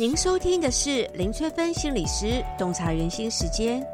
您收聽的是林萃芬心理師洞察人心時間，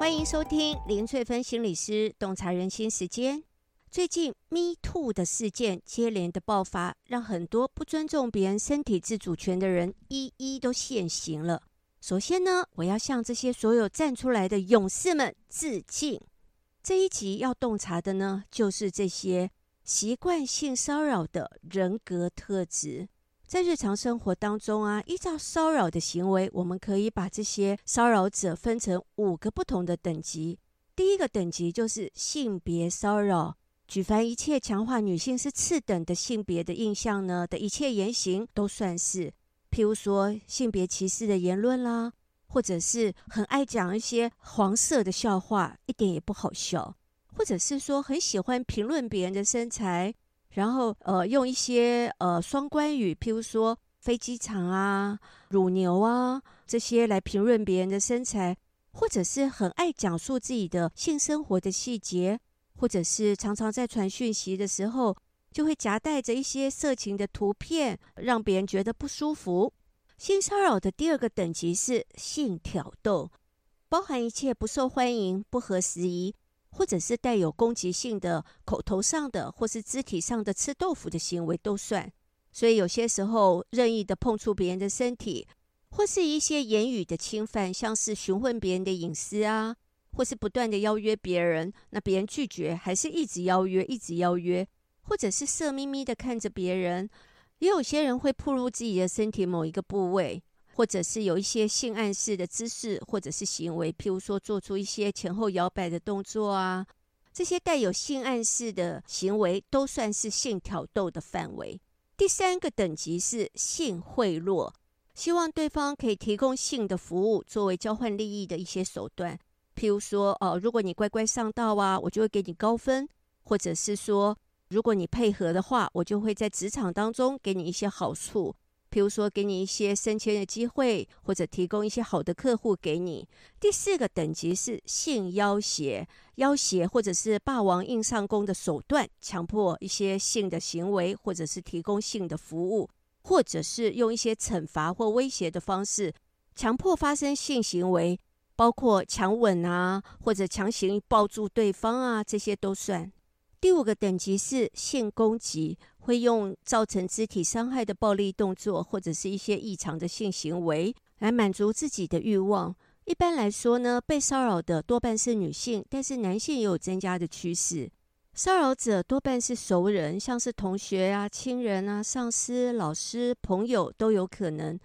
歡迎收聽林萃芬心理師洞察人心時間。最近 “me too” 的事件接連的爆發，讓很多不尊重別人身體自主權的人一一都現形了。首先呢，我要向這些所有站出來的勇士們致敬。這一集要洞察的呢，就是這些。習慣性騷擾的人格特質，在日常生活當中啊，依照騷擾的行為，我們可以把這些騷擾者分成五個不同的等級。第一個等級就是性別騷擾，舉凡一切強化女性是次等的性別的印象呢的一切言行都算是，譬如說性別歧視的言論啦，或者是很愛講一些黃色的笑話，一點也不好笑。或者是說很喜歡評論別人的身材，然後呃用一些呃雙關語，譬如說飛機場啊、乳牛啊這些來評論別人的身材，或者是很愛講述自己的性生活的細節，或者是常常在傳訊息的時候就會夾帶着一些色情的圖片，讓別人覺得不舒服。性騷擾的第二個等級是性挑逗，包含一切不受歡迎、不合時宜。或者是帶有攻擊性的口頭上的，或是肢體上的吃豆腐的行為都算。所以有些時候任意的碰觸別人的身體，或是一些言語的侵犯，像是詢問別人的隱私啊，或是不斷的邀約別人，那別人拒絕，還是一直邀約，一直邀約，或者是色眯眯的看着別人，也有些人會暴露自己的身體某一個部位。或者是有一些性暗示的姿勢，或者是行為，譬如說做出一些前後搖擺的動作啊，這些帶有性暗示的行為都算是性挑逗的範圍。第三個等級是性賄賂，希望對方可以提供性的服務作為交換利益的一些手段，譬如說，哦，如果你乖乖上道啊，我就會給你高分；或者是說，如果你配合的話，我就會在職場當中給你一些好處。比如說，給你一些升遷的機會，或者提供一些好的客戶給你。第四個等級是性要挾，要挾或者是霸王硬上弓的手段，強迫一些性的行為，或者是提供性的服務，或者是用一些懲罰或威脅的方式，強迫發生性行為，包括強吻啊，或者強行抱住對方啊，這些都算。第五個等級是性攻擊，會用造成肢體傷害的暴力動作，或者是一些異常的性行為來滿足自己的欲望。一般來說呢，被騷擾的多半是女性，但是男性也有增加的趨勢。騷擾者多半是熟人，像是同學啊、親人啊、上司、老師、朋友都有可能，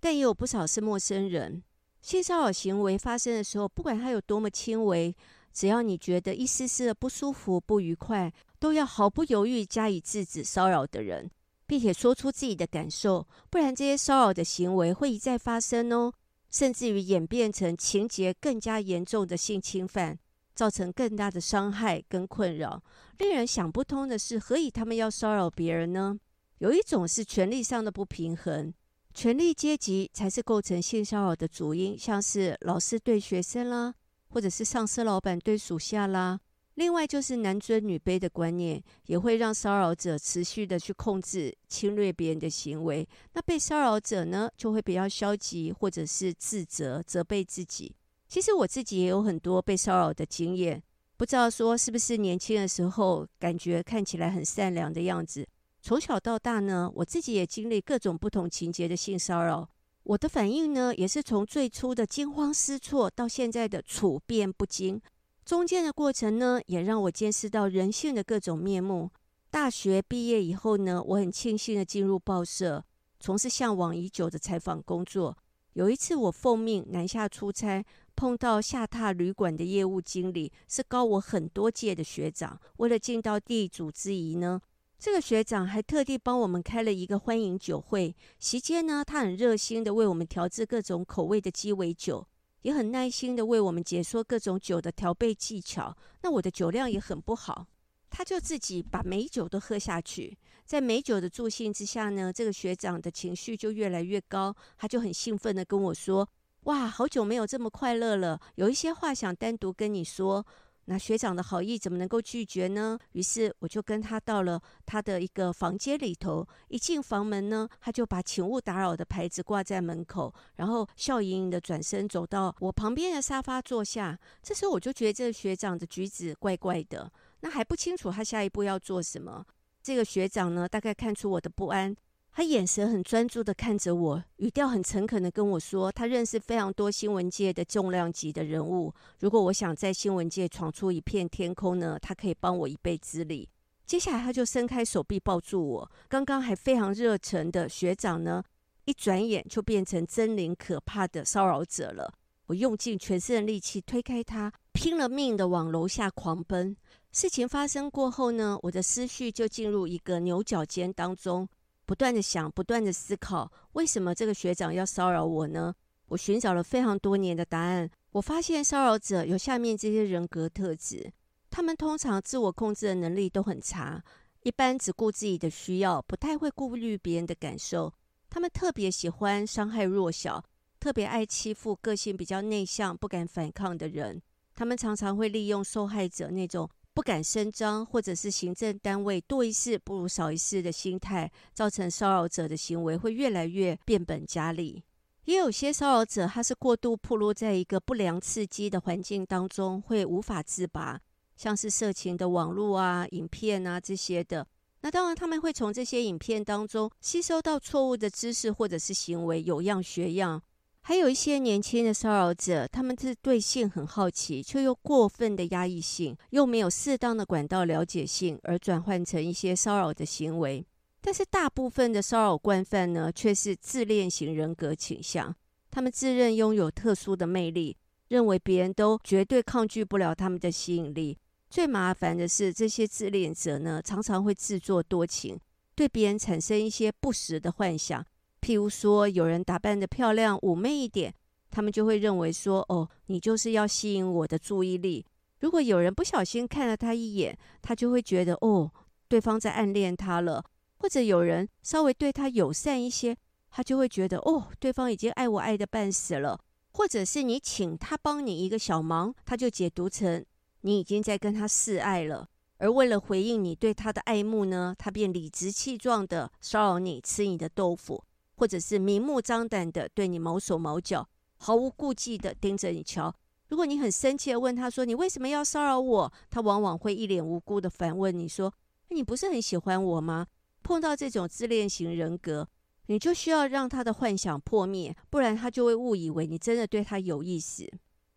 但也有不少是陌生人。性騷擾行為發生的時候，不管它有多麼輕微。只要你覺得一絲絲的不舒服、不愉快，都要毫不猶豫加以制止騷擾的人，並且說出自己的感受，不然這些騷擾的行為會一再發生哦，甚至於演變成情節更加嚴重的性侵犯，造成更大的傷害跟困擾。令人想不通的是，何以他們要騷擾別人呢？有一種是權力上的不平衡，權力階級才是構成性騷擾的主因，像是老師對學生啦。或者是上司、老板對屬下啦，另外就是男尊女卑的觀念，也會讓騷擾者持續地去控制、侵略別人的行為。那被騷擾者呢，就會比較消極，或者是自責、責備自己。其實我自己也有很多被騷擾的經驗，不知道說是不是年輕的時候，感覺看起來很善良的樣子。從小到大呢，我自己也經歷各種不同情節的性騷擾。我的反應呢，也是從最初的驚慌失措到現在的處變不驚，中間的過程呢，也讓我見識到人性的各種面目。大學畢業以後呢，我很慶幸的進入報社，從事向往已久的採訪工作。有一次，我奉命南下出差，碰到下榻旅館的業務經理，是高我很多屆的學長。為了盡到地主之誼呢，這個學長還特地幫我們開了一個歡迎酒會，席間呢，他很熱心的為我們調制各種口味的雞尾酒，也很耐心的為我們解說各種酒的調配技巧。那我的酒量也很不好，他就自己把美酒都喝下去，在美酒的助興之下呢，這個學長的情緒就越來越高，他就很興奮地跟我說：“哇，好久沒有這麼快樂了，有一些話想單獨跟你說。”那學長的好意怎麼能夠拒絕呢？於是我就跟他到了他的一個房間裡頭。一進房門呢，他就把“請勿打擾”的牌子掛在門口，然後笑盈盈的轉身走到我旁邊的沙發坐下。這時候我就覺得這個學長的舉止怪怪的，那還不清楚他下一步要做什麼。這個學長呢，大概看出我的不安。他眼神很專注的看着我，語調很誠懇的跟我說：“他認識非常多新聞界的重量級的人物，如果我想在新聞界闖出一片天空呢，他可以幫我一臂之力。”接下來，他就伸開手臂抱住我，剛剛還非常熱忱的學長呢，一轉眼就變成猙獰可怕的騷擾者了。我用盡全身的力氣推開他，拼了命的往樓下狂奔。事情發生過後呢，我的思緒就進入一個牛角尖當中。不斷的想，不斷的思考，為什麼這個學長要騷擾我呢？我尋找了非常多年的答案。我發現騷擾者有下面這些人格特質，他們通常自我控制的能力都很差，一般只顧自己的需要，不太會顧慮別人的感受。他們特別喜歡傷害弱小，特別愛欺負個性比較內向、不敢反抗的人。他們常常會利用受害者那種不敢聲張，或者是行政單位多一事不如少一事的心態，造成騷擾者的行為會越來越變本加厲。也有些騷擾者，他是過度暴露在一個不良刺激的環境當中，會無法自拔，像是色情的網絡啊、影片啊這些的。那當然，他們會從這些影片當中吸收到錯誤的知識或者是行為，有樣學樣。還有一些年輕的騷擾者，他們是對性很好奇，卻又過分的壓抑性，又沒有適當的管道了解性，而轉換成一些騷擾的行為。但是大部分的騷擾慣犯呢，卻是自戀型人格傾向，他們自認擁有特殊的魅力，認為別人都絕對抗拒不了他們的吸引力。最麻煩的是，這些自戀者呢，常常會自作多情，對別人產生一些不實的幻想。譬如說，有人打扮得漂亮、嫵媚一點，他們就會認為說：“哦，你就是要吸引我的注意力。”如果有人不小心看了他一眼，他就會覺得：“哦，對方在暗戀他了。”或者有人稍微對他友善一些，他就會覺得：“哦，對方已經愛我愛得半死了。”或者是你請他幫你一個小忙，他就解讀成你已經在跟他示愛了。而為了回應你對他的愛慕呢，他便理直氣壯的騷擾你，吃你的豆腐。或者是明目張膽的對你毛手毛腳，毫無顧忌的盯着你瞧。如果你很生氣的問他說：“你為什麼要騷擾我？”他往往會一臉無辜的反問你說：“你不是很喜歡我嗎？”碰到這種自戀型人格，你就需要讓他的幻想破滅，不然他就會誤以為你真的對他有意思。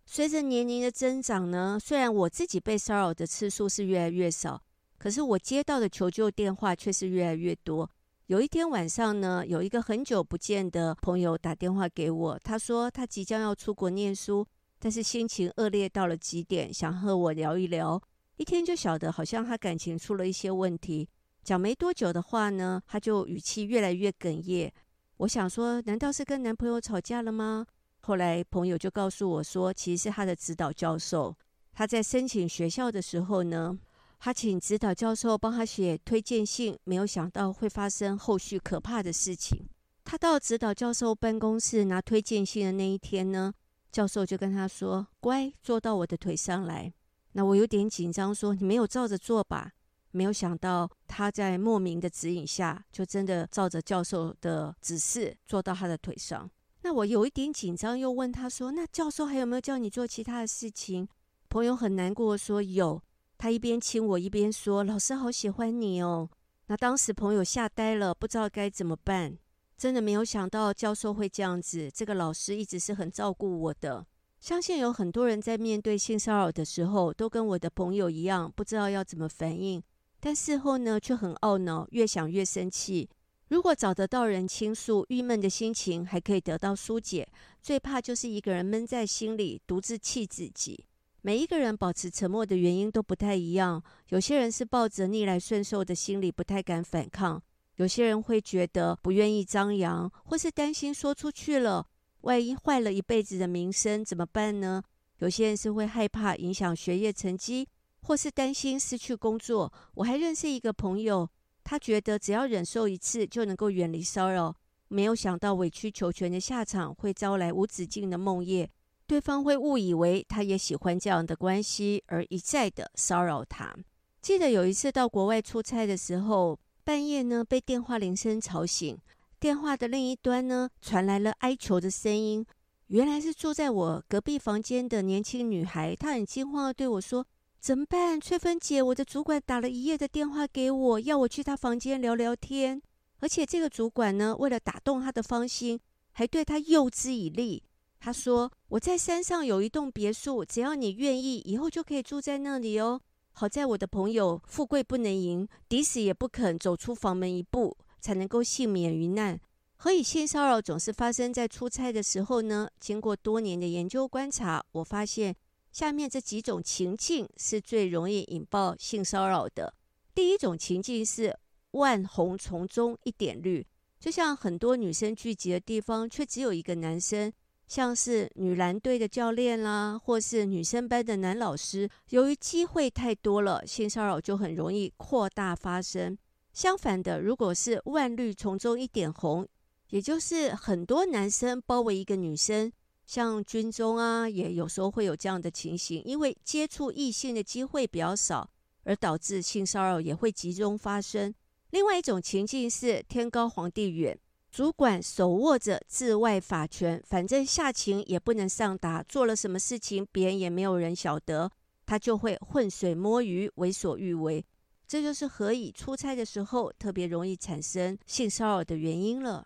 隨着年齡的增長呢，雖然我自己被騷擾的次數是越來越少，可是我接到的求救電話卻是越來越多。有一天晚上呢，有一個很久不見的朋友打電話給我，他說他即將要出國念書，但是心情惡劣到了極點，想和我聊一聊。一天就曉得好像他感情出了一些問題。講沒多久的話呢，他就語氣越來越哽咽。我想說，難道是跟男朋友吵架了嗎？後來朋友就告訴我說，其實是他的指導教授。他在申請學校的時候呢。他請指導教授幫他寫推薦信，沒有想到會發生後續可怕的事情。他到指導教授辦公室拿推薦信的那一天呢，教授就跟他說：“乖，坐到我的腿上來。”那我有點緊張，說：“你沒有照着做吧？”沒有想到他在莫名的指引下，就真的照着教授的指示坐到他的腿上。那我有一點緊張，又問他說：“那教授還有沒有叫你做其他的事情？”朋友很難過說：“有。”他一邊親我，一邊說：“老師好喜歡你哦。”那當時朋友嚇呆了，不知道該怎麼辦。真的沒有想到教授會這樣子。這個老師一直是很照顧我的。相信有很多人在面對性騷擾的時候，都跟我的朋友一樣，不知道要怎麼反應。但事後呢，卻很懊惱，越想越生氣。如果找得到人傾訴，鬱悶的心情還可以得到疏解。最怕就是一個人悶在心裡，獨自氣自己。每一個人保持沉默的原因都不太一樣。有些人是抱着逆來順受的心理，不太敢反抗；有些人會覺得不願意張揚，或是擔心說出去了，萬一壞了一輩子的名聲怎麼辦呢？有些人是會害怕影響學業成績，或是擔心失去工作。我還認識一個朋友，他覺得只要忍受一次就能夠遠離騷擾，沒有想到委曲求全的下場會招來無止境的夢魘。對方會誤以為他也喜歡這樣的關係，而一再的騷擾他。記得有一次到國外出差的時候，半夜呢，被電話鈴聲吵醒，電話的另一端呢，傳來了哀求的聲音。原來是住在我隔壁房間的年輕女孩，她很驚慌的對我說：“怎麼辦？萃芬姐，我的主管打了一夜的電話給我，要我去他房間聊聊天。而且這個主管呢，為了打動她的芳心，還對她誘之以利。”他說：“我在山上有一棟別墅，只要你願意，以後就可以住在那裡哦。好在我的朋友富貴不能淫，抵死也不肯走出房門一步，才能夠倖免於難。何以性騷擾總是發生在出差的時候呢？經過多年的研究觀察，我發現下面這幾種情境是最容易引爆性騷擾的。第一種情境是萬紅叢中一點綠，就像很多女生聚集的地方，卻只有一個男生。”像是女籃隊的教練啦、啊，或是女生班的男老師，由於機會太多了，性騷擾就很容易擴大發生。相反的，如果是萬綠叢中一點紅，也就是很多男生包圍一個女生，像軍中啊，也有時候會有這樣的情形，因為接觸異性的機會比較少，而導致性騷擾也會集中發生。另外一種情境是天高皇帝遠。主管手握着治外法權，反正下情也不能上達，做了什麼事情別人也沒有人曉得，他就會渾水摸魚，為所欲為。這就是何以出差的時候特別容易產生性騷擾的原因了。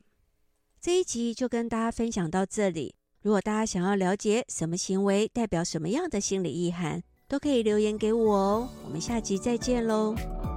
這一集就跟大家分享到這裡，如果大家想要了解什麼行為代表什麼樣的心理意涵，都可以留言給我哦。我們下集再見嘍。